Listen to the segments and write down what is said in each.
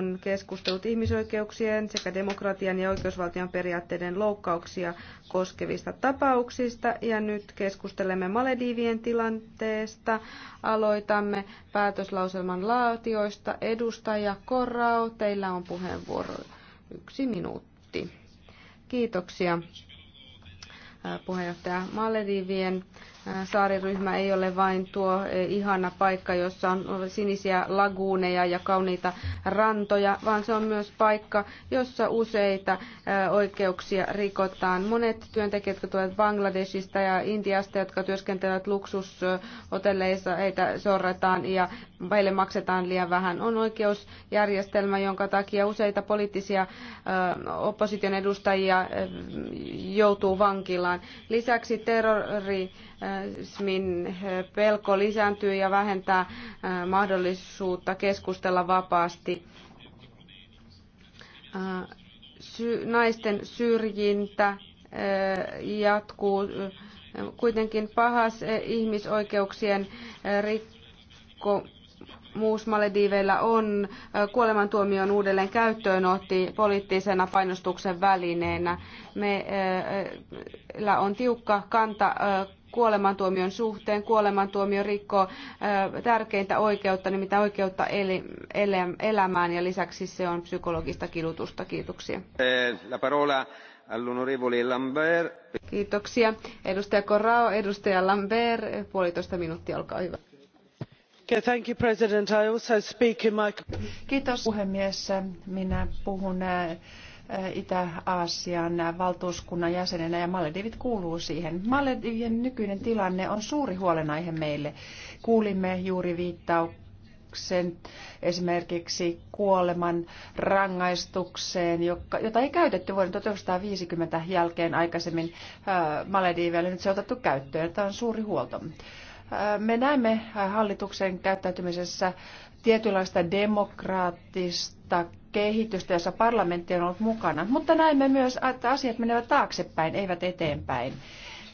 on keskustellut ihmisoikeuksien sekä demokratian ja oikeusvaltion periaatteiden loukkauksia koskevista tapauksista. Ja nyt keskustelemme Maledivien tilanteesta. Aloitamme päätöslauselman laatioista. Edustaja Korrao, teillä on puheenvuoro yksi minuutti. Kiitoksia puheenjohtaja Maledivien Saariryhmä ei ole vain tuo ihana paikka, jossa on sinisiä laguuneja ja kauniita rantoja, vaan se on myös paikka, jossa useita oikeuksia rikotaan. Monet työntekijät, jotka tulevat Bangladesista ja Intiasta, jotka työskentelevät luksushotelleissa, heitä sorretaan ja meille maksetaan liian vähän. On oikeusjärjestelmä, jonka takia useita poliittisia opposition edustajia joutuu vankilaan. Lisäksi terrori rasismin pelko lisääntyy ja vähentää mahdollisuutta keskustella vapaasti. Naisten syrjintä jatkuu kuitenkin pahas ihmisoikeuksien rikko muus Malediiveillä on kuolemantuomion uudelleen käyttöön otti poliittisena painostuksen välineenä. Meillä on tiukka kanta kuolemantuomion suhteen. Kuolemantuomio rikkoo tärkeintä oikeutta, nimittäin oikeutta elämään ja lisäksi se on psykologista kidutusta. Kiitoksia. La parola all'onorevole Lambert. Kiitoksia. Edustaja Corrao, edustaja Lambert, puolitoista minuuttia, olkaa hyvä. Kiitos puhemies. Minä puhun Itä-Aasian valtuuskunnan jäsenenä ja Maledivit kuuluu siihen. Maledivien nykyinen tilanne on suuri huolenaihe meille. Kuulimme juuri viittauksen esimerkiksi kuoleman rangaistukseen, jota ei käytetty vuoden 1950 jälkeen aikaisemmin äh, Malediiveille. Nyt se on otettu käyttöön. Tämä on suuri huolto. Äh, me näemme hallituksen käyttäytymisessä tietynlaista demokraattista auttaa kehitystä, jossa parlamentti on ollut mukana. Mutta näemme myös, että asiat menevät taaksepäin, eivät eteenpäin.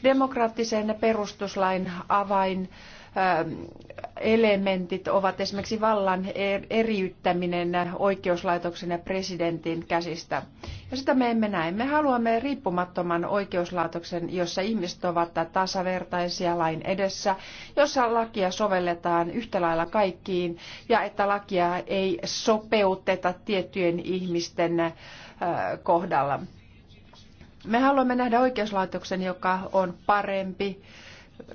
Demokraattisen perustuslain avain Ähm, elementit ovat esimerkiksi vallan er- eriyttäminen oikeuslaitoksen ja presidentin käsistä. Ja sitä me emme näe. Me haluamme riippumattoman oikeuslaitoksen, jossa ihmiset ovat tasavertaisia lain edessä, jossa lakia sovelletaan yhtä lailla kaikkiin ja että lakia ei sopeuteta tiettyjen ihmisten äh, kohdalla. Me haluamme nähdä oikeuslaitoksen, joka on parempi,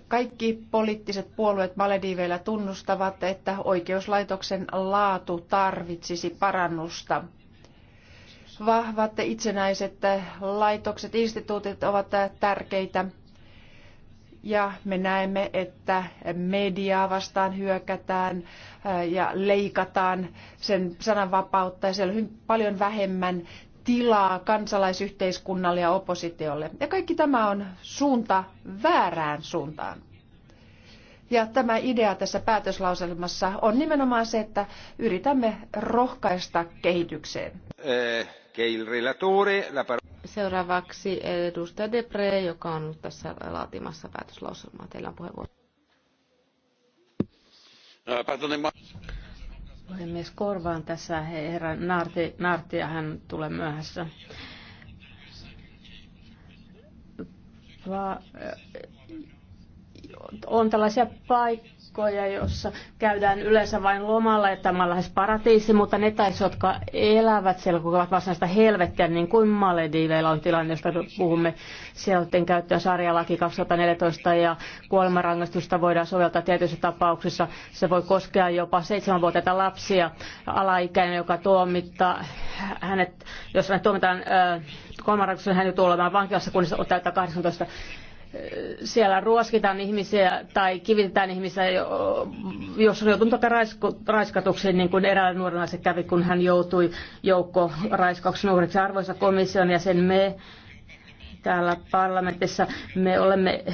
kaikki poliittiset puolueet Malediiveillä tunnustavat, että oikeuslaitoksen laatu tarvitsisi parannusta. Vahvat itsenäiset laitokset, instituutit ovat tärkeitä ja me näemme, että mediaa vastaan hyökätään ja leikataan sen sananvapautta ja siellä on hyvin paljon vähemmän tilaa kansalaisyhteiskunnalle ja oppositiolle. Ja kaikki tämä on suunta väärään suuntaan. Ja tämä idea tässä päätöslauselmassa on nimenomaan se, että yritämme rohkaista kehitykseen. Seuraavaksi edustaja Depre, joka on ollut tässä laatimassa päätöslauselmaa. Teillä on puheenvuoro Puhemies, korvaan tässä herra Naarti, Naarti ja hän tulee myöhässä. Va- on tällaisia paikkoja viikkoja, jossa käydään yleensä vain lomalla, että tämä on lähes paratiisi, mutta ne taisi, jotka elävät siellä, ovat vastaista helvettiä, niin kuin Malediiveilla on tilanne, josta puhumme. Siellä otettiin käyttöön sarjalaki 2014 ja kuolemanrangaistusta voidaan soveltaa tietyissä tapauksissa. Se voi koskea jopa seitsemänvuotiaita lapsia, alaikäinen, joka tuomittaa hänet, jos hänet tuomitaan äh, kuolemanrangaistuksen, hän joutuu olemaan vankilassa, kunnes on täyttää 18 siellä ruoskitaan ihmisiä tai kivitetään ihmisiä, jos on joutunut raiskatuksi, niin kuin eräällä nuorena se kävi, kun hän joutui joukko raiskauksen uhriksi. Arvoisa komission ja sen me täällä parlamentissa, me olemme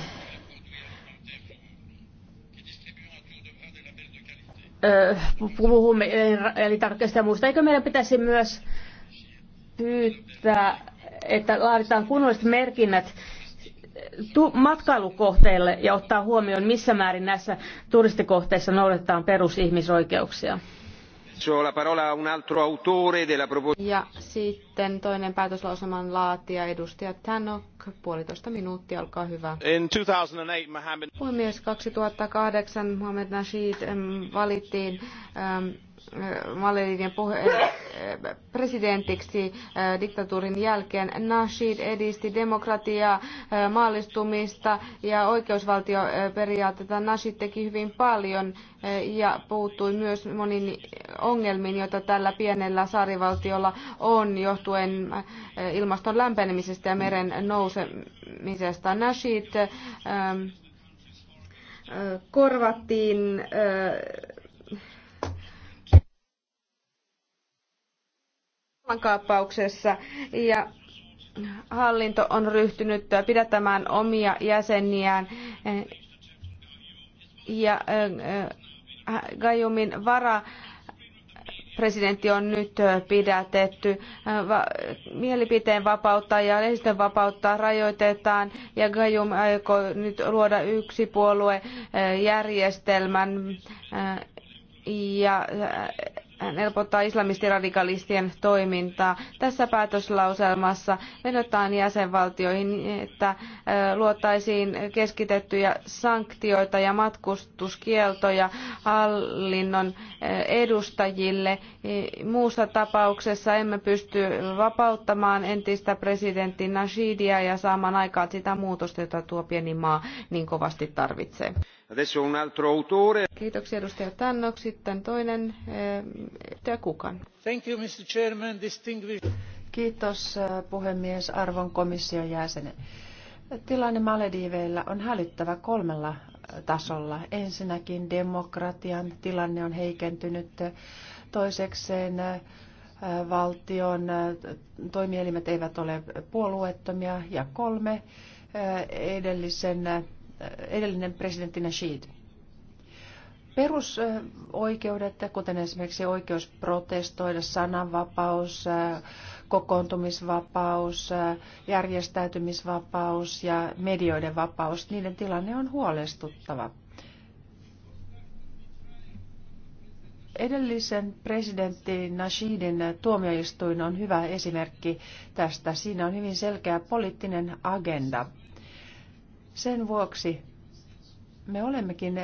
puhumme eli tarkkaista muusta. Eikö meidän pitäisi myös pyytää, että laaditaan kunnolliset merkinnät matkailukohteille ja ottaa huomioon, missä määrin näissä turistikohteissa noudatetaan perusihmisoikeuksia. Ja sitten toinen päätöslauselman laatija, edustaja Tanok, puolitoista minuuttia, olkaa hyvä. In 2008, Mohammed... Puhemies, 2008 Mohamed Nasheed valittiin ähm, Äh, Malediivien äh, äh, presidentiksi diktatuurin jälkeen. Nasheed edisti demokratiaa, maallistumista ja oikeusvaltioperiaatteita. Nasheed teki hyvin paljon ja puuttui myös moniin ongelmiin, joita tällä pienellä saarivaltiolla on johtuen ilmaston lämpenemisestä ja meren nousemisesta. Nasheed ähm, korvattiin kaappauksessa ja hallinto on ryhtynyt pidättämään omia jäseniään ja äh, äh, Gajumin vara presidentti on nyt pidätetty. Mielipiteen vapautta ja lehdistön vapautta rajoitetaan ja Gajum aikoo nyt luoda yksi puolue äh, järjestelmän ja helpottaa islamistiradikalistien toimintaa. Tässä päätöslauselmassa vedotaan jäsenvaltioihin, että luotaisiin keskitettyjä sanktioita ja matkustuskieltoja hallinnon edustajille. E, muussa tapauksessa emme pysty vapauttamaan entistä presidentti Nashidia ja saamaan aikaan sitä muutosta, jota tuo pieni maa niin kovasti tarvitsee. Adesso un altro autore. Kiitoksia edustaja Tannok. Sitten toinen eh, edustaja Kukan. Thank you, Mr. Chairman, distinguished... Kiitos eh, puhemies, arvon komission jäsenen. Tilanne Malediiveillä on hälyttävä kolmella eh, tasolla. Ensinnäkin demokratian tilanne on heikentynyt. Toisekseen valtion toimielimet eivät ole puolueettomia. Ja kolme edellisen edellinen presidentti Nasheed. Perusoikeudet, kuten esimerkiksi oikeus protestoida, sananvapaus, kokoontumisvapaus, järjestäytymisvapaus ja medioiden vapaus, niiden tilanne on huolestuttava. edellisen presidentti Nashidin tuomioistuin on hyvä esimerkki tästä. Siinä on hyvin selkeä poliittinen agenda. Sen vuoksi me olemmekin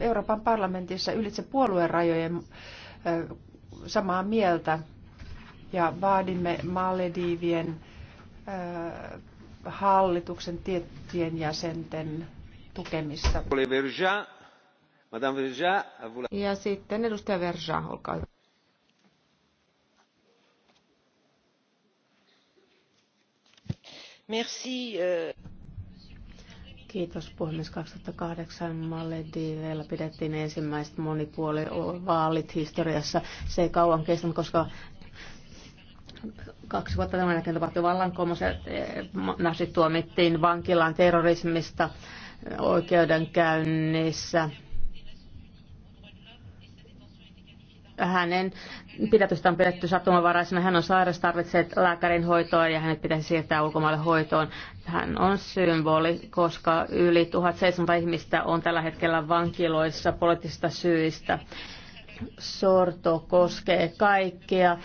Euroopan parlamentissa ylitse puolueen rajojen samaa mieltä ja vaadimme Malediivien hallituksen tiettyjen jäsenten tukemista. Ja sitten edustaja Verja, olkaa hyvä. Merci. Kiitos puhemies. 2008 Malediiveilla pidettiin ensimmäiset monipuolivaalit historiassa. Se ei kauan kestänyt, koska kaksi vuotta tämän jälkeen tapahtui vallankumous ja e, nasit tuomittiin vankilaan terrorismista oikeudenkäynnissä. hänen pidätystä on pidetty sattumanvaraisena. Hän on sairas, tarvitsee lääkärin hoitoa ja hänet pitäisi siirtää ulkomaille hoitoon. Hän on symboli, koska yli 1700 ihmistä on tällä hetkellä vankiloissa poliittisista syistä sorto koskee kaikkea.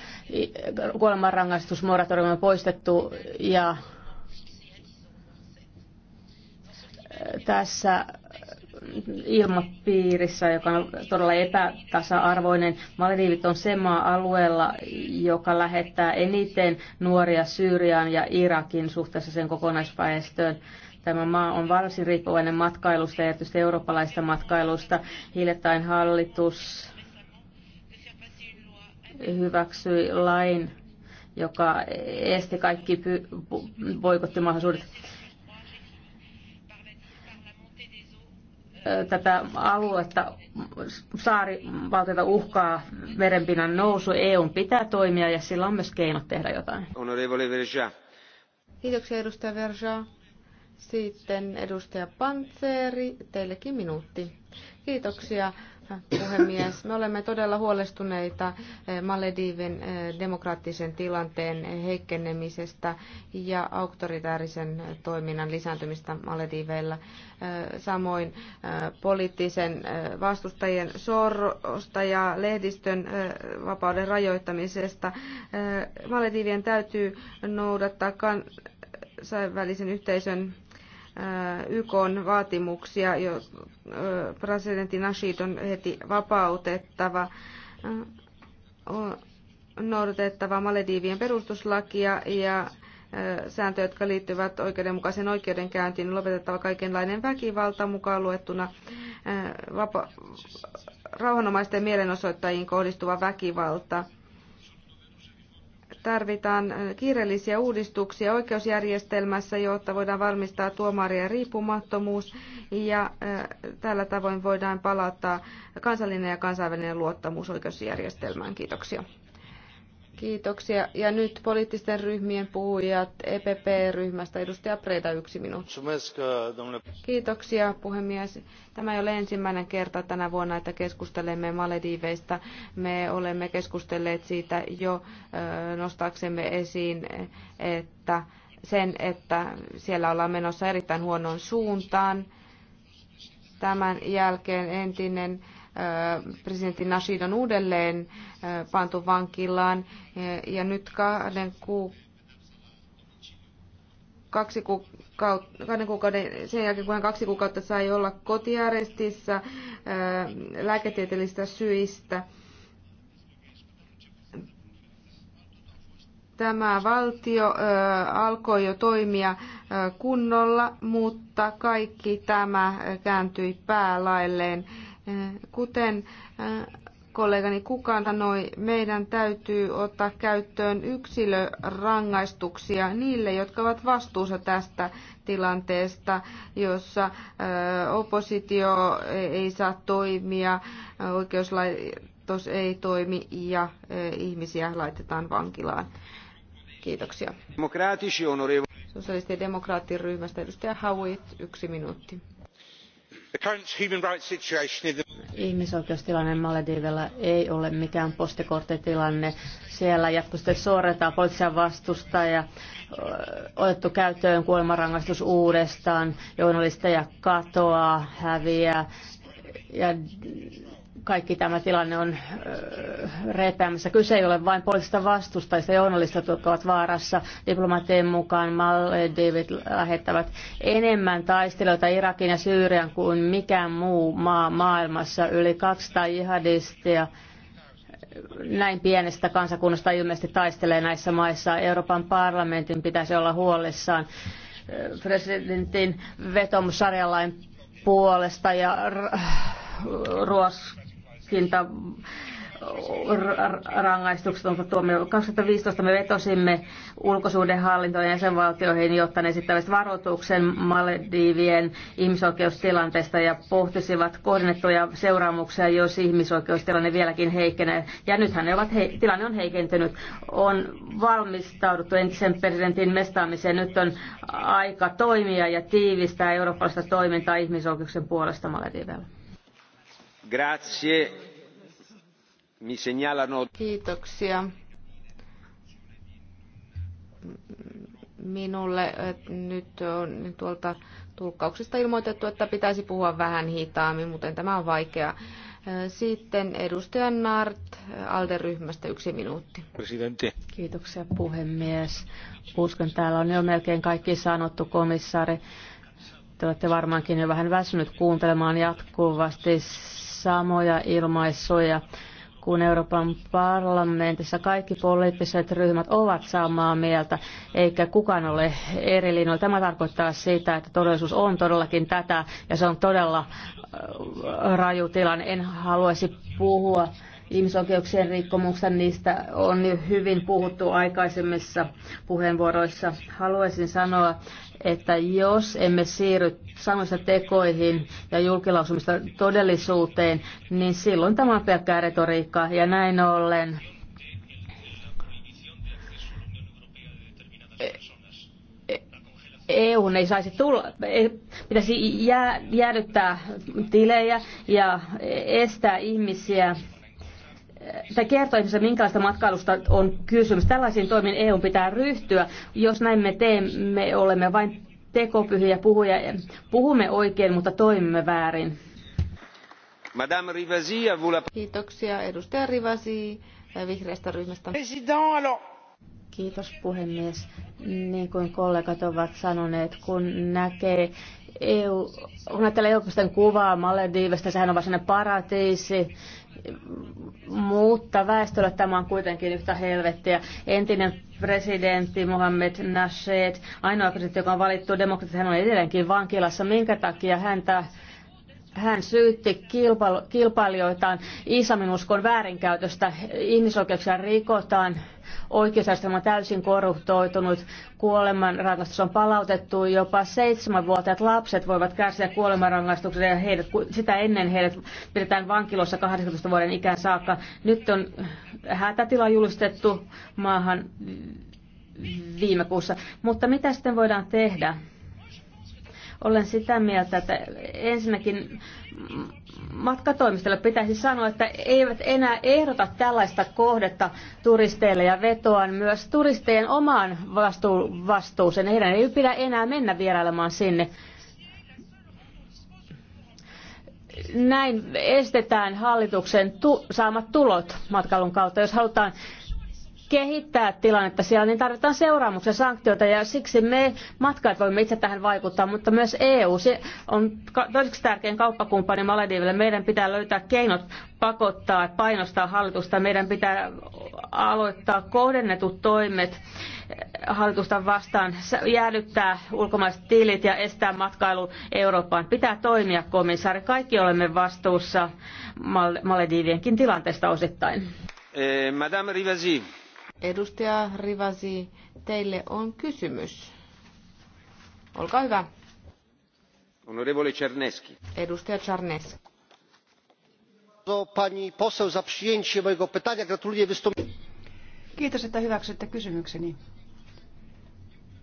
Kuolemanrangaistusmoratorium on poistettu ja tässä ilmapiirissä, joka on todella epätasa-arvoinen. Malediivit on se maa alueella, joka lähettää eniten nuoria Syyriaan ja Irakin suhteessa sen kokonaisväestöön. Tämä maa on varsin riippuvainen matkailusta ja erityisesti eurooppalaista matkailusta. Hiljattain hallitus hyväksyi lain, joka esti kaikki boikottimahdollisuudet. tätä aluetta saarivaltiota uhkaa merenpinnan nousu. EU pitää toimia ja sillä on myös keinot tehdä jotain. Verja. Kiitoksia edustaja Verja. Sitten edustaja Panzeri, teillekin minuutti. Kiitoksia puhemies. Me olemme todella huolestuneita eh, Maledivin eh, demokraattisen tilanteen heikkenemisestä ja auktoritäärisen toiminnan lisääntymistä Malediveillä eh, Samoin poliittisen vastustajien sorrosta ja lehdistön vapauden rajoittamisesta. Maledivien täytyy noudattaa kansainvälisen yhteisön YK vaatimuksia, jo presidentti Nasheed on heti vapautettava on noudatettava Malediivien perustuslakia ja sääntöjä, jotka liittyvät oikeudenmukaisen oikeudenkäyntiin, on lopetettava kaikenlainen väkivalta mukaan luettuna vapa- rauhanomaisten mielenosoittajiin kohdistuva väkivalta tarvitaan äh, kiireellisiä uudistuksia oikeusjärjestelmässä, jotta voidaan varmistaa tuomarien riippumattomuus ja äh, tällä tavoin voidaan palauttaa kansallinen ja kansainvälinen luottamus oikeusjärjestelmään. Kiitoksia. Kiitoksia. Ja nyt poliittisten ryhmien puhujat EPP-ryhmästä. Edustaja Preda, yksi minuutti. Kiitoksia, puhemies. Tämä ei ole ensimmäinen kerta tänä vuonna, että keskustelemme Malediiveista. Me olemme keskustelleet siitä jo nostaaksemme esiin, että sen, että siellä ollaan menossa erittäin huonoon suuntaan. Tämän jälkeen entinen presidentti Nasheed on uudelleen pantu vankilaan ja nyt kahden kuukauden kaksi kuukautta, kahden kuukauden, sen jälkeen kun hän kaksi kuukautta sai olla kotiarestissa lääketieteellisistä syistä. Tämä valtio alkoi jo toimia kunnolla, mutta kaikki tämä kääntyi päälailleen Kuten kollegani kukaan sanoi, meidän täytyy ottaa käyttöön yksilörangaistuksia niille, jotka ovat vastuussa tästä tilanteesta, jossa oppositio ei saa toimia, oikeuslaitos ei toimi ja ihmisiä laitetaan vankilaan. Kiitoksia. Sosialisti- ja demokraattiryhmästä edustaja Howitt, yksi minuutti. Ihmisoikeustilanne Malediivilla ei ole mikään postikorttitilanne. Siellä jatkuvasti sorretaan poliittisia vastustajia, otettu käyttöön kuolemanrangaistus uudestaan, journalisteja katoaa, häviää ja kaikki tämä tilanne on reetäämässä. Kyse ei ole vain poliittisista vastustajista journalista, jotka ovat vaarassa. Diplomaattien mukaan Maldivit lähettävät enemmän taistelijoita Irakin ja Syyrian kuin mikään muu maa maailmassa. Yli 200 jihadistia näin pienestä kansakunnasta ilmeisesti taistelee näissä maissa. Euroopan parlamentin pitäisi olla huolissaan presidentin vetomus puolesta ja ruos tutkinta rangaistukset on tuomio. 2015 me vetosimme ulkosuhdehallintoon ja sen valtioihin, jotta ne esittävät varoituksen Maledivien ihmisoikeustilanteesta ja pohtisivat kohdennettuja seuraamuksia, jos ihmisoikeustilanne vieläkin heikenee. Ja nythän ne ovat he, tilanne on heikentynyt. On valmistauduttu entisen presidentin mestaamiseen. Nyt on aika toimia ja tiivistää eurooppalaista toimintaa ihmisoikeuksien puolesta Malediveilla. Kiitoksia. Minulle nyt on tuolta tulkkauksesta ilmoitettu, että pitäisi puhua vähän hitaammin, muuten tämä on vaikeaa. Sitten edustaja Nart ALDE-ryhmästä yksi minuutti. Presidentti. Kiitoksia puhemies. Uskon, täällä on jo melkein kaikki sanottu, komissaari. Te olette varmaankin jo vähän väsynyt kuuntelemaan jatkuvasti samoja ilmaisuja kuin Euroopan parlamentissa kaikki poliittiset ryhmät ovat samaa mieltä, eikä kukaan ole eri linjoilla. Tämä tarkoittaa sitä, että todellisuus on todellakin tätä, ja se on todella äh, raju tilanne. En haluaisi puhua ihmisoikeuksien rikkomuksista, niistä on jo hyvin puhuttu aikaisemmissa puheenvuoroissa. Haluaisin sanoa, että jos emme siirry sanoista tekoihin ja julkilausumista todellisuuteen, niin silloin tämä on pelkkää retoriikkaa ja näin ollen eu ei saisi tulla, ei, pitäisi jää, jäädyttää tilejä ja estää ihmisiä tai kertoo ihmisille, minkälaista matkailusta on kysymys. Tällaisiin toimiin EU pitää ryhtyä. Jos näin me teemme, olemme vain tekopyhiä puhuja. Puhumme oikein, mutta toimimme väärin. Madame Rivasi, la... Kiitoksia. Edustaja Rivasi äh, vihreästä ryhmästä. Kiitos puhemies. Niin kuin kollegat ovat sanoneet, kun näkee EU, kun näyttää kuvaa Malediivestä, sehän on vain paratiisi mutta väestölle tämä on kuitenkin yhtä helvettiä. Entinen presidentti Mohammed Nasheed, ainoa presidentti, joka on valittu demokratian, hän on edelleenkin vankilassa. Minkä takia häntä hän syytti kilpailijoitaan islaminuskon väärinkäytöstä, ihmisoikeuksia rikotaan, oikeusjärjestelmä on täysin korruptoitunut, kuolemanrangaistus on palautettu, jopa seitsemänvuotiaat lapset voivat kärsiä kuolemanrangaistuksen ja heidät, sitä ennen heidät pidetään vankilossa 18 vuoden ikään saakka. Nyt on hätätila julistettu maahan viime kuussa, mutta mitä sitten voidaan tehdä? Olen sitä mieltä, että ensinnäkin matkatoimistolle pitäisi sanoa, että eivät enää ehdota tällaista kohdetta turisteille ja vetoan myös turistejen omaan vastu- vastuuseen. Heidän ei pidä enää mennä vierailemaan sinne näin estetään hallituksen tu- saamat tulot matkailun kautta. Jos halutaan kehittää tilannetta siellä, niin tarvitaan seuraamuksia, sanktioita ja siksi me matkat voimme itse tähän vaikuttaa, mutta myös EU se on toiseksi tärkein kauppakumppani Malediville. Meidän pitää löytää keinot pakottaa, ja painostaa hallitusta. Meidän pitää aloittaa kohdennetut toimet hallitusta vastaan, jäädyttää ulkomaiset tilit ja estää matkailu Eurooppaan. Pitää toimia, komissaari. Kaikki olemme vastuussa Maledivienkin tilanteesta osittain. Eh, Madame Rivasi. Edustaja Rivasi, teille on kysymys. Olkaa hyvä. Onorevole Czarneski. Edustaja Czarneski. Pani poseł za przyjęcie mojego pytania. Gratuluję Kiitos, että hyväksytte kysymykseni.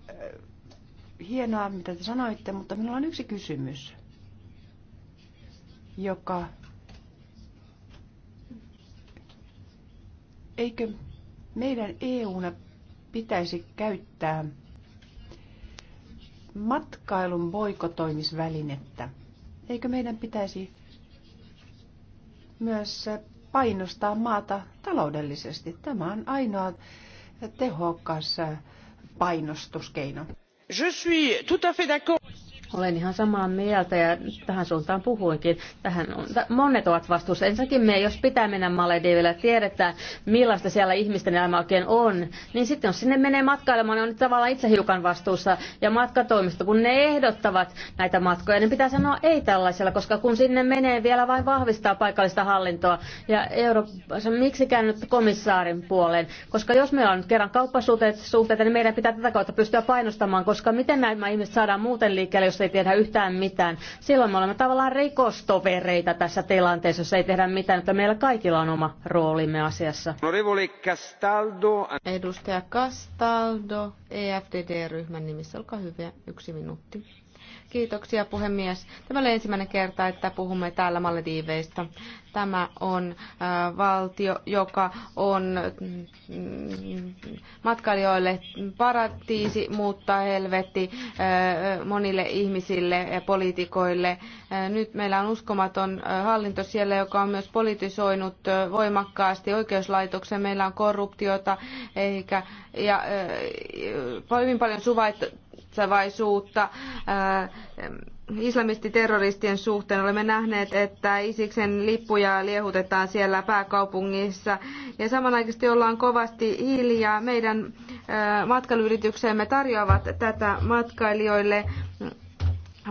Äh, hienoa, mitä te sanoitte, mutta minulla on yksi kysymys, joka... Eikö meidän EUna pitäisi käyttää matkailun boikotoimisvälinettä. Eikö meidän pitäisi myös painostaa maata taloudellisesti? Tämä on ainoa tehokas painostuskeino. Je suis tout à fait d'accord. Olen ihan samaa mieltä ja tähän suuntaan puhuinkin. Tähän on, monet ovat vastuussa. Ensinnäkin me, jos pitää mennä Malediville ja tiedetään, millaista siellä ihmisten elämä oikein on, niin sitten jos sinne menee matkailemaan, niin on tavallaan itse hiukan vastuussa. Ja matkatoimisto, kun ne ehdottavat näitä matkoja, niin pitää sanoa ei tällaisella, koska kun sinne menee vielä vain vahvistaa paikallista hallintoa. Ja Euroopassa miksi käynyt komissaarin puoleen, koska jos meillä on nyt kerran kauppasuhteita, niin meidän pitää tätä kautta pystyä painostamaan, koska miten nämä ihmiset saadaan muuten liikkeelle, jos jos ei tehdä yhtään mitään. Silloin me olemme tavallaan rikostovereita tässä tilanteessa, jos ei tehdä mitään, mutta meillä kaikilla on oma roolimme asiassa. Castaldo. Edustaja Castaldo, EFDD-ryhmän nimissä, olkaa hyvä, yksi minuutti. Kiitoksia puhemies. Tämä oli ensimmäinen kerta, että puhumme täällä Malediiveista. Tämä on äh, valtio, joka on mm, matkailijoille paratiisi, mutta helvetti äh, monille ihmisille ja poliitikoille. Äh, nyt meillä on uskomaton hallinto siellä, joka on myös politisoinut voimakkaasti oikeuslaitoksen. Meillä on korruptiota eikä, ja hyvin paljon suvaittu suvaitsevaisuutta islamistiterroristien suhteen. Olemme nähneet, että Isiksen lippuja liehutetaan siellä pääkaupungissa. Ja samanaikaisesti ollaan kovasti hiljaa. Meidän matkailuyrityksemme tarjoavat tätä matkailijoille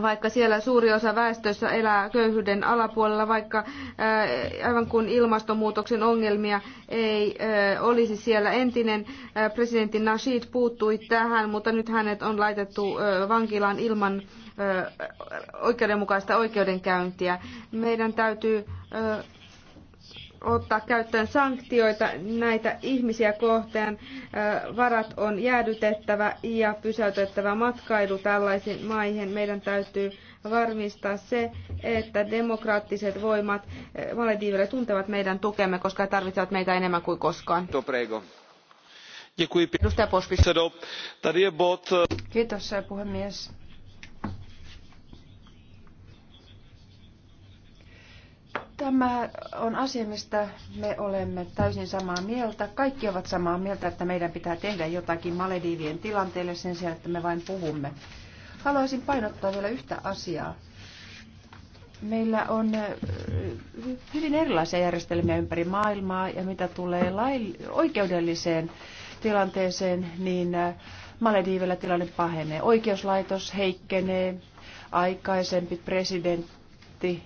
vaikka siellä suuri osa väestössä elää köyhyyden alapuolella, vaikka äh, aivan kuin ilmastonmuutoksen ongelmia ei äh, olisi siellä. Entinen äh, presidentti Nasheed puuttui tähän, mutta nyt hänet on laitettu vankilaan ilman oikeudenmukaista oikeudenkäyntiä. Meidän täytyy ottaa käyttöön sanktioita näitä ihmisiä kohtaan. Varat on jäädytettävä ja pysäytettävä matkailu tällaisiin maihin. Meidän täytyy varmistaa se, että demokraattiset voimat Malediiville tuntevat meidän tukemme, koska he tarvitsevat meitä enemmän kuin koskaan. Kiitos puhemies Tämä on asia, mistä me olemme täysin samaa mieltä. Kaikki ovat samaa mieltä, että meidän pitää tehdä jotakin Malediivien tilanteelle sen sijaan, että me vain puhumme. Haluaisin painottaa vielä yhtä asiaa. Meillä on hyvin erilaisia järjestelmiä ympäri maailmaa ja mitä tulee lail- oikeudelliseen tilanteeseen, niin Malediivillä tilanne pahenee. Oikeuslaitos heikkenee, aikaisempi presidentti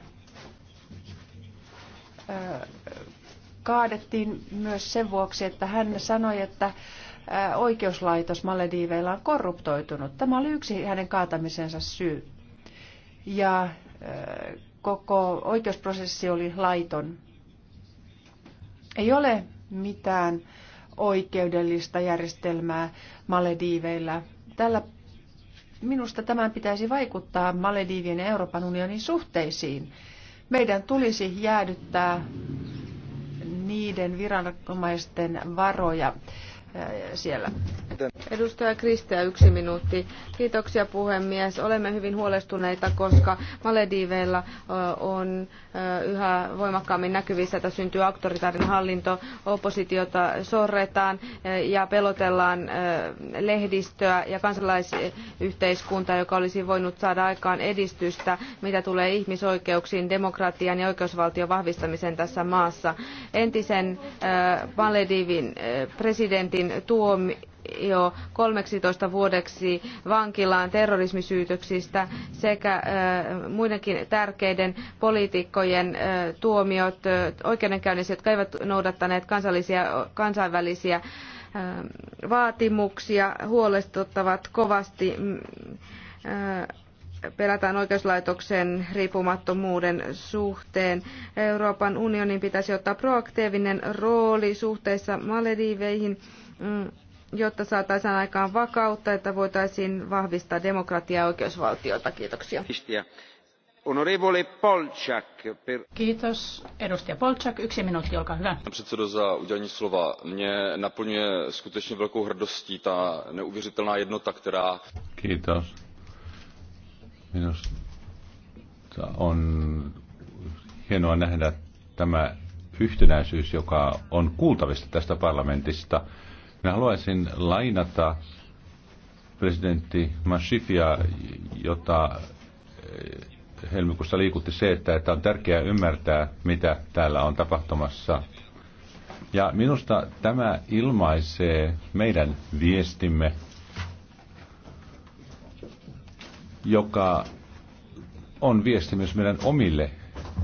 kaadettiin myös sen vuoksi, että hän sanoi, että oikeuslaitos Malediiveilla on korruptoitunut. Tämä oli yksi hänen kaatamisensa syy. Ja koko oikeusprosessi oli laiton. Ei ole mitään oikeudellista järjestelmää Malediiveillä. Tällä, minusta tämän pitäisi vaikuttaa Malediivien ja Euroopan unionin suhteisiin meidän tulisi jäädyttää niiden viranomaisten varoja, siellä. Edustaja Kristeä yksi minuutti. Kiitoksia puhemies. Olemme hyvin huolestuneita, koska Malediiveilla on yhä voimakkaammin näkyvissä, että syntyy auktoritaarinen hallinto, oppositiota sorretaan ja pelotellaan lehdistöä ja kansalaisyhteiskuntaa, joka olisi voinut saada aikaan edistystä, mitä tulee ihmisoikeuksiin, demokratian ja oikeusvaltion vahvistamiseen tässä maassa. Entisen Maledivin presidentin Saadin tuomio 13 vuodeksi vankilaan terrorismisyytöksistä sekä muidenkin tärkeiden poliitikkojen tuomiot oikeudenkäynnissä, jotka eivät noudattaneet kansallisia, kansainvälisiä vaatimuksia, huolestuttavat kovasti pelätään oikeuslaitoksen riippumattomuuden suhteen. Euroopan unionin pitäisi ottaa proaktiivinen rooli suhteessa Malediveihin, mm, jotta saataisiin aikaan vakautta, että voitaisiin vahvistaa demokratiaa ja oikeusvaltiota. Kiitoksia. Onorevole Polčak. Per... Kiitos. Edustaja Polčak, yksi minuutti, olkaa hyvä. předsedo, za udělení slova. Mě naplňuje skutečně velkou hrdostí ta neuvěřitelná jednota, která... Kiitos Minusta on hienoa nähdä tämä yhtenäisyys, joka on kuultavista tästä parlamentista. Minä haluaisin lainata presidentti Mashifia, jota eh, helmikuussa liikutti se, että, että on tärkeää ymmärtää, mitä täällä on tapahtumassa. Ja minusta tämä ilmaisee meidän viestimme joka on viesti myös meidän omille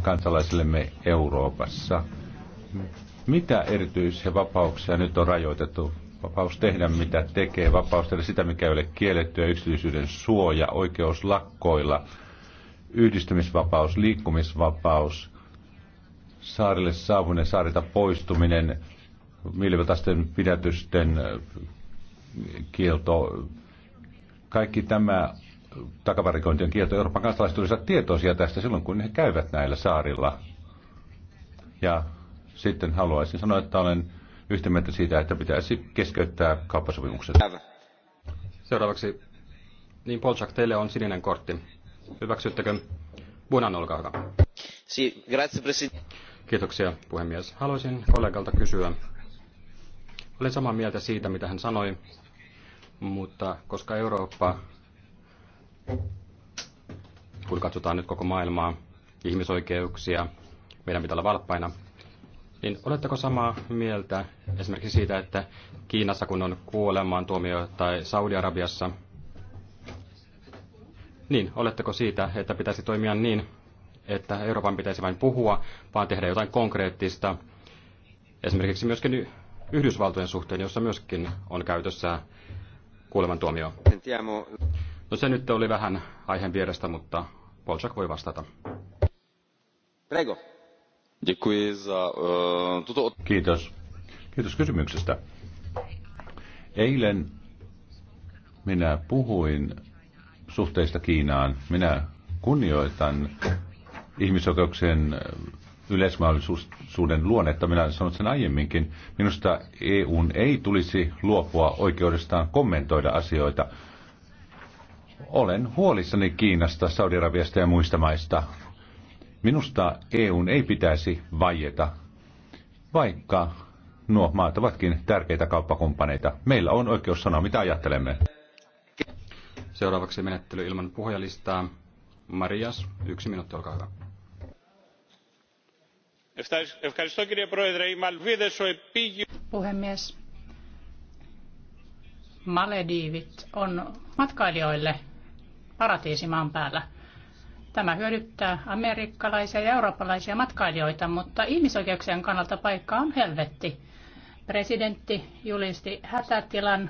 kansalaisillemme Euroopassa. Mitä erityisiä vapauksia nyt on rajoitettu? Vapaus tehdä mitä tekee, vapaus tehdä sitä mikä ei ole kiellettyä, yksityisyyden suoja, oikeus lakkoilla, yhdistymisvapaus, liikkumisvapaus, saarille saapuminen, saarita poistuminen, mielivaltaisten pidätysten äh, kielto. Kaikki tämä takavarikointien kielto. Euroopan kansalaiset olisivat tietoisia tästä silloin, kun he käyvät näillä saarilla. Ja sitten haluaisin sanoa, että olen yhtä mieltä siitä, että pitäisi keskeyttää kauppasopimukset. Seuraavaksi, niin Polchak, teille on sininen kortti. Hyväksyttekö? Buonan, olkaa hyvä. Si, grazie, Kiitoksia, puhemies. Haluaisin kollegalta kysyä. Olen samaa mieltä siitä, mitä hän sanoi, mutta koska Eurooppa kun katsotaan nyt koko maailmaa, ihmisoikeuksia, meidän pitää olla valppaina. Niin oletteko samaa mieltä esimerkiksi siitä, että Kiinassa kun on kuolemaan tuomio tai Saudi-Arabiassa, niin oletteko siitä, että pitäisi toimia niin, että Euroopan pitäisi vain puhua, vaan tehdä jotain konkreettista, esimerkiksi myöskin Yhdysvaltojen suhteen, jossa myöskin on käytössä kuolemantuomio. No se nyt oli vähän aiheen vierestä, mutta Polsak voi vastata. Prego. Eh, Kiitos. Kiitos kysymyksestä. Eilen minä puhuin suhteista Kiinaan. Minä kunnioitan ihmisoikeuksien eh, yleismahdollisuuden luonnetta. Minä olen sanonut sen aiemminkin. Minusta EUn ei tulisi luopua oikeudestaan kommentoida asioita. Olen huolissani Kiinasta, Saudi-Arabiasta ja muista maista. Minusta EUn ei pitäisi vaieta, vaikka nuo maat ovatkin tärkeitä kauppakumppaneita. Meillä on oikeus sanoa, mitä ajattelemme. Seuraavaksi menettely ilman puhujalistaa. Marias, yksi minuutti, olkaa hyvä. Puhemies, Malediivit on matkailijoille Paratiisimaan päällä. Tämä hyödyttää amerikkalaisia ja eurooppalaisia matkailijoita, mutta ihmisoikeuksien kannalta paikka on helvetti. Presidentti julisti hätätilan,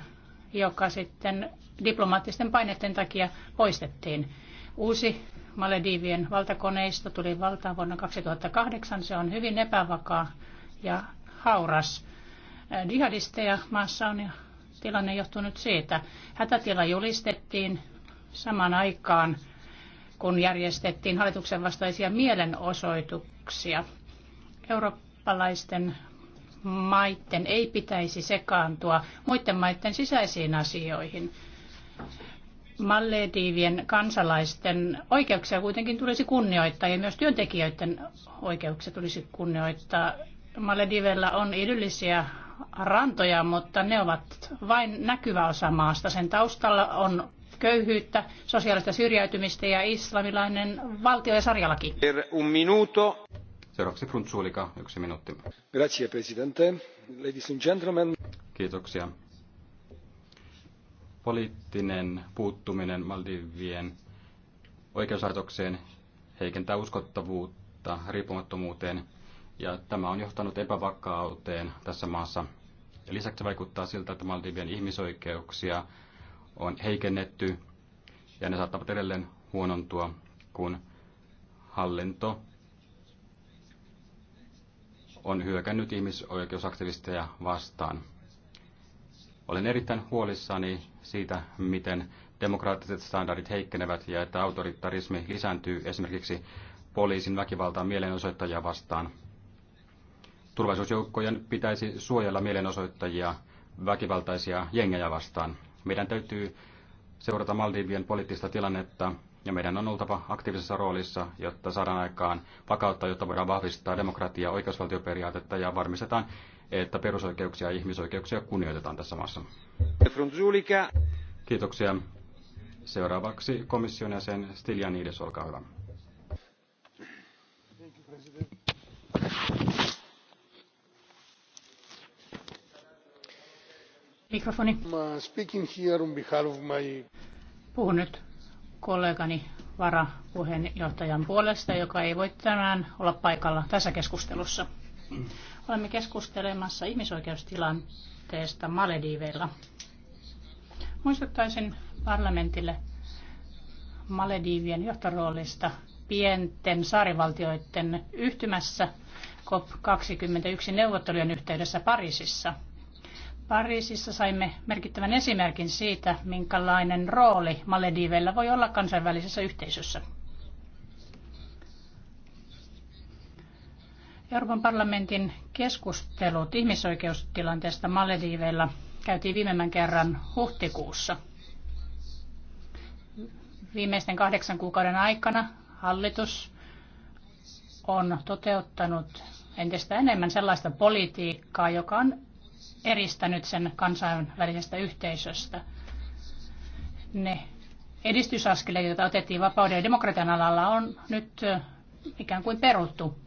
joka sitten diplomaattisten paineiden takia poistettiin. Uusi Maledivien valtakoneisto tuli valtaan vuonna 2008. Se on hyvin epävakaa ja hauras. Dihadisteja maassa on ja tilanne johtunut siitä. Hätätila julistettiin samaan aikaan, kun järjestettiin hallituksen vastaisia mielenosoituksia. Eurooppalaisten maiden ei pitäisi sekaantua muiden maiden sisäisiin asioihin. Malediivien kansalaisten oikeuksia kuitenkin tulisi kunnioittaa ja myös työntekijöiden oikeuksia tulisi kunnioittaa. Maledivellä on idyllisiä rantoja, mutta ne ovat vain näkyvä osa maasta. Sen taustalla on köyhyyttä, sosiaalista syrjäytymistä ja islamilainen valtio- ja sarjalaki. Per un minuto. Seuraavaksi Frunzulika, yksi minuutti. Grazie, presidente. Ladies and gentlemen. Kiitoksia. Poliittinen puuttuminen Maldivien oikeuslaitokseen heikentää uskottavuutta riippumattomuuteen ja tämä on johtanut epävakauteen tässä maassa. Lisäksi vaikuttaa siltä, että Maldivien ihmisoikeuksia on heikennetty ja ne saattavat edelleen huonontua, kun hallinto on hyökännyt ihmisoikeusaktivisteja vastaan. Olen erittäin huolissani siitä, miten demokraattiset standardit heikkenevät ja että autoritarismi lisääntyy esimerkiksi poliisin väkivaltaa mielenosoittajia vastaan. Turvallisuusjoukkojen pitäisi suojella mielenosoittajia väkivaltaisia jengejä vastaan. Meidän täytyy seurata Maldivien poliittista tilannetta ja meidän on oltava aktiivisessa roolissa, jotta saadaan aikaan vakautta, jotta voidaan vahvistaa demokratiaa, oikeusvaltioperiaatetta ja varmistetaan, että perusoikeuksia ja ihmisoikeuksia kunnioitetaan tässä maassa. Kiitoksia. Seuraavaksi komission jäsen Stylianides, olkaa hyvä. Mikrofoni. Puhun nyt kollegani varapuheenjohtajan puolesta, joka ei voi tänään olla paikalla tässä keskustelussa. Olemme keskustelemassa ihmisoikeustilanteesta Malediiveilla. Muistuttaisin parlamentille Malediivien johtoroolista pienten saarivaltioiden yhtymässä COP21 neuvottelujen yhteydessä Pariisissa – Pariisissa saimme merkittävän esimerkin siitä, minkälainen rooli Malediiveillä voi olla kansainvälisessä yhteisössä. Euroopan parlamentin keskustelut ihmisoikeustilanteesta Malediiveilla käytiin viimeimmän kerran huhtikuussa. Viimeisten kahdeksan kuukauden aikana hallitus on toteuttanut entistä enemmän sellaista politiikkaa, joka on eristänyt sen kansainvälisestä yhteisöstä. Ne edistysaskeleet, joita otettiin vapauden ja demokratian alalla, on nyt ikään kuin peruttu,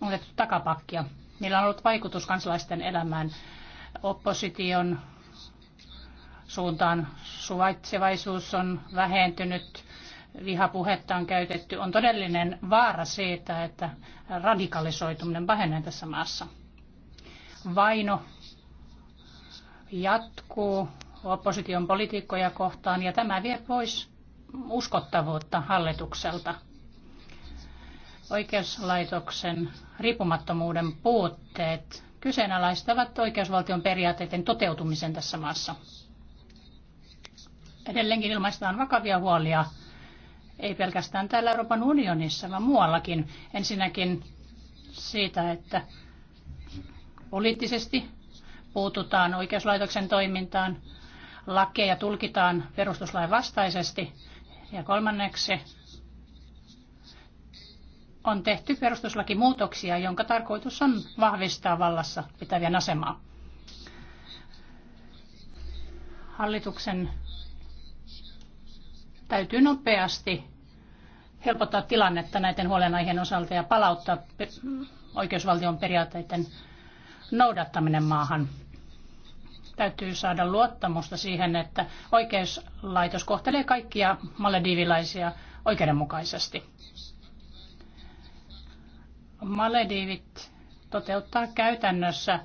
on otettu takapakkia. Niillä on ollut vaikutus kansalaisten elämään opposition suuntaan. Suvaitsevaisuus on vähentynyt, vihapuhetta on käytetty. On todellinen vaara siitä, että radikalisoituminen vähenee tässä maassa. Vaino jatkuu opposition poliitikkoja kohtaan ja tämä vie pois uskottavuutta hallitukselta. Oikeuslaitoksen riippumattomuuden puutteet kyseenalaistavat oikeusvaltion periaatteiden toteutumisen tässä maassa. Edelleenkin ilmaistaan vakavia huolia, ei pelkästään täällä Euroopan unionissa, vaan muuallakin. Ensinnäkin siitä, että poliittisesti puututaan oikeuslaitoksen toimintaan, lakeja tulkitaan perustuslain vastaisesti. Ja kolmanneksi on tehty perustuslakimuutoksia, jonka tarkoitus on vahvistaa vallassa pitävien asemaa. Hallituksen täytyy nopeasti helpottaa tilannetta näiden huolenaiheen osalta ja palauttaa oikeusvaltion periaatteiden noudattaminen maahan. Täytyy saada luottamusta siihen, että oikeuslaitos kohtelee kaikkia malediivilaisia oikeudenmukaisesti. Malediivit toteuttaa käytännössä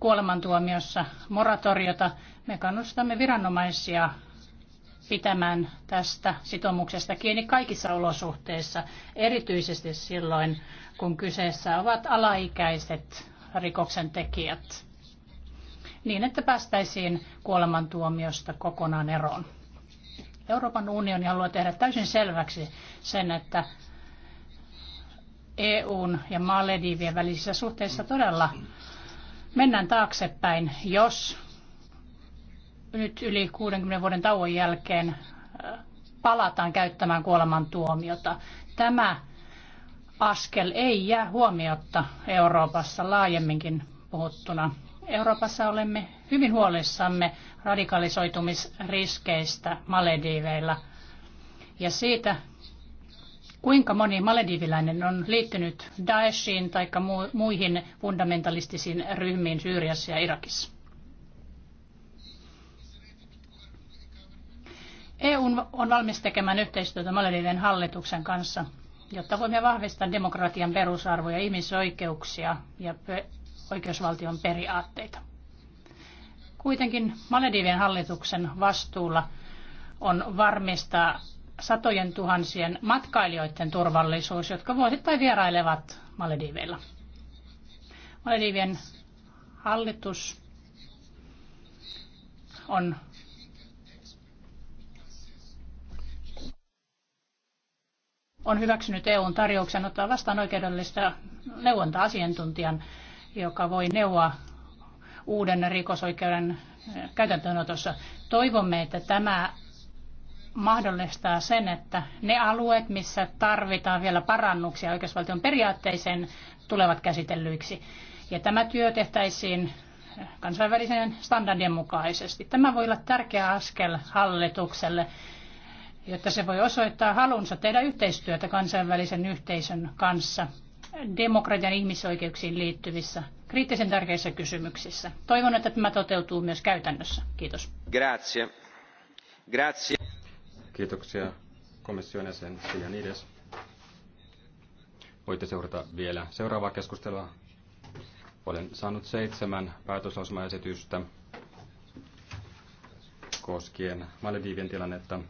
kuolemantuomiossa moratoriota. Me kannustamme viranomaisia pitämään tästä sitoumuksesta kiinni kaikissa olosuhteissa, erityisesti silloin, kun kyseessä ovat alaikäiset rikoksen tekijät niin, että päästäisiin kuolemantuomiosta kokonaan eroon. Euroopan unioni haluaa tehdä täysin selväksi sen, että EUn ja Maledivien välisissä suhteissa todella mennään taaksepäin, jos nyt yli 60 vuoden tauon jälkeen äh, palataan käyttämään kuolemantuomiota. Tämä askel ei jää huomiotta Euroopassa laajemminkin puhuttuna. Euroopassa olemme hyvin huolissamme radikalisoitumisriskeistä Malediiveilla ja siitä, kuinka moni malediiviläinen on liittynyt Daeshiin tai muihin fundamentalistisiin ryhmiin Syyriassa ja Irakissa. EU on valmis tekemään yhteistyötä Malediven hallituksen kanssa – jotta voimme vahvistaa demokratian perusarvoja, ihmisoikeuksia ja oikeusvaltion periaatteita. Kuitenkin Maledivien hallituksen vastuulla on varmistaa satojen tuhansien matkailijoiden turvallisuus, jotka vuosittain vierailevat Malediveilla. Maledivien hallitus on on hyväksynyt EUn tarjouksen ottaa vastaan oikeudellista neuvonta asiantuntijan, joka voi neuvoa uuden rikosoikeuden eh, käytäntöönotossa. Toivomme, että tämä mahdollistaa sen, että ne alueet, missä tarvitaan vielä parannuksia oikeusvaltion periaatteeseen, tulevat käsitellyiksi. Ja tämä työ tehtäisiin kansainvälisen standardien mukaisesti. Tämä voi olla tärkeä askel hallitukselle jotta se voi osoittaa halunsa tehdä yhteistyötä kansainvälisen yhteisön kanssa demokratian ihmisoikeuksiin liittyvissä kriittisen tärkeissä kysymyksissä. Toivon, että tämä toteutuu myös käytännössä. Kiitos. Grazie. Grazie. Kiitoksia komission jäsen Sianides. Voitte seurata vielä seuraavaa keskustelua. Olen saanut seitsemän päätöslausumaesitystä koskien Maledivien tilannetta